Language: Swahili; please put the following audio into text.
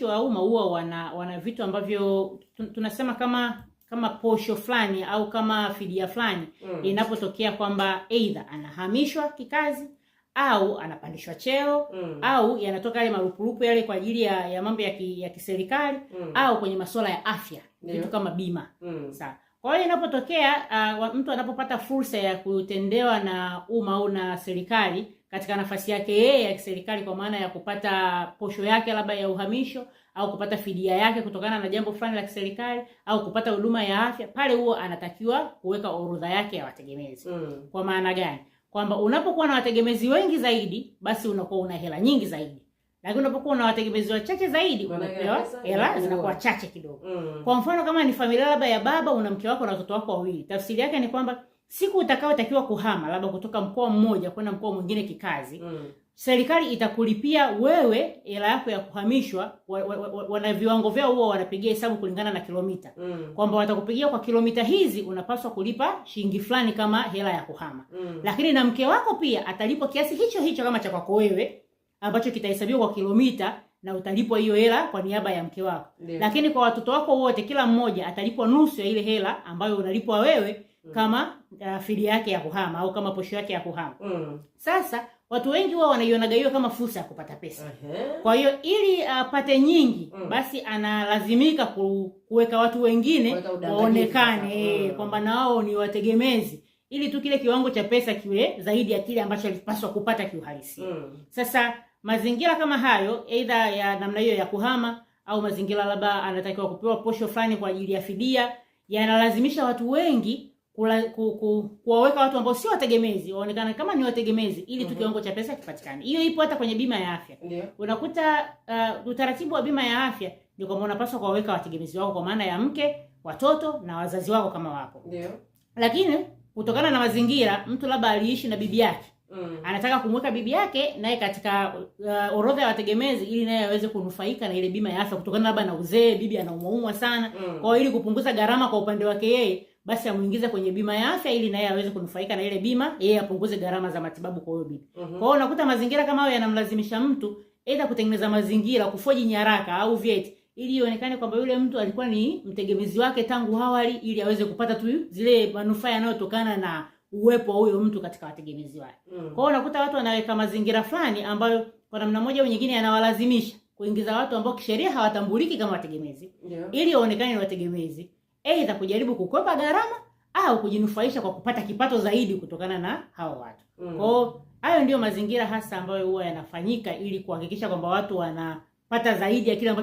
msikiti wa umma huwa wana wana vitu ambavyo tunasema kama kama posho fulani au kama fidia fulani mm. Inapotokea kwamba eidha anahamishwa kikazi au anapandishwa cheo mm. au yanatoka yale marupurupu yale kwa ajili ya, ya mambo ya, ki, ya kiserikali mm. au kwenye masuala ya afya vitu kama bima mm. sawa. Kwa hiyo inapotokea uh, mtu anapopata fursa ya kutendewa na umma au na serikali katika nafasi yake yeye ya kiserikali, kwa maana ya kupata posho yake labda ya uhamisho au kupata fidia yake kutokana na jambo fulani la kiserikali au kupata huduma ya afya, pale huo anatakiwa kuweka orodha yake ya wategemezi mm. Kwa maana gani? Kwamba unapokuwa na wategemezi wengi zaidi, basi unakuwa una hela nyingi zaidi, lakini unapokuwa na wategemezi wachache zaidi, unapewa hela zinakuwa chache kidogo mm. Kwa mfano kama ni familia labda ya baba, una mke wako na watoto wako wawili, tafsiri yake ni kwamba siku utakayotakiwa kuhama labda kutoka mkoa mmoja kwenda mkoa mwingine kikazi mm. Serikali itakulipia wewe hela yako ya kuhamishwa. Wana wa, wa, wa, wa viwango vyao huwa wanapigia hesabu kulingana na kilomita mm. kwamba watakupigia kwa kilomita hizi unapaswa kulipa shilingi fulani kama hela ya kuhama mm. Lakini na mke wako pia atalipwa kiasi hicho hicho kama cha kwako wewe ambacho kitahesabiwa kwa kilomita na utalipwa hiyo hela kwa niaba ya mke wako yeah. Lakini kwa watoto wako wote kila mmoja atalipwa nusu ya ile hela ambayo unalipwa wewe Mm. kama uh, eh, fili yake ya kuhama au kama posho yake ya kuhama mm. Sasa watu wengi wao wanaionaga hiyo kama fursa ya kupata pesa uh -huh. Kwa hiyo ili apate uh, nyingi mm. basi analazimika kuweka watu wengine waonekane mm. Eh, kwamba nao ni wategemezi ili tu kile kiwango cha pesa kiwe zaidi ya kile ambacho alipaswa kupata kiuhalisi mm. Sasa mazingira kama hayo, aidha ya namna hiyo ya kuhama au mazingira labda anatakiwa kupewa posho fulani kwa ajili ya fidia, yanalazimisha watu wengi kula, ku, ku, kuwaweka watu ambao sio wategemezi waonekana kama ni wategemezi ili tu mhm. kiwango cha pesa kipatikane. Hiyo ipo hata kwenye bima ya afya yeah. Unakuta uh, utaratibu wa bima ya afya ni kwamba unapaswa kuwaweka wategemezi wako kwa maana ya mke, watoto na wazazi wako kama wako yeah. Lakini kutokana na mazingira, mtu labda aliishi na bibi yake Mm. Anataka kumweka bibi yake naye katika uh, orodha ya wategemezi ili naye aweze kunufaika na ile bima ya afya kutokana labda na uzee, bibi anaumwaumwa sana. Mm. Kwa ili kupunguza gharama kwa upande wake yeye, basi amuingize kwenye bima ya afya ili naye aweze kunufaika na ile bima, yeye apunguze gharama za matibabu kwa huyo bibi. Mm -hmm. Kwa hiyo unakuta mazingira kama hayo yanamlazimisha mtu aidha kutengeneza mazingira, kufoji nyaraka au vyeti ili ionekane kwamba yule mtu alikuwa ni mtegemezi wake tangu awali, ili aweze kupata tu zile manufaa yanayotokana na uwepo wa huyo mtu katika wategemezi wake. Mm. Kwa hiyo unakuta watu wanaweka mazingira fulani ambayo kwa namna moja au nyingine yanawalazimisha kuingiza watu ambao kisheria hawatambuliki kama wategemezi, yeah, ili waonekane ni wategemezi aidha kujaribu kukwepa gharama au kujinufaisha kwa kupata kipato zaidi kutokana na hao watu. Mm. Kwao hayo ndiyo mazingira hasa ambayo huwa yanafanyika ili kuhakikisha kwamba watu wanapata zaidi ya kile ambacho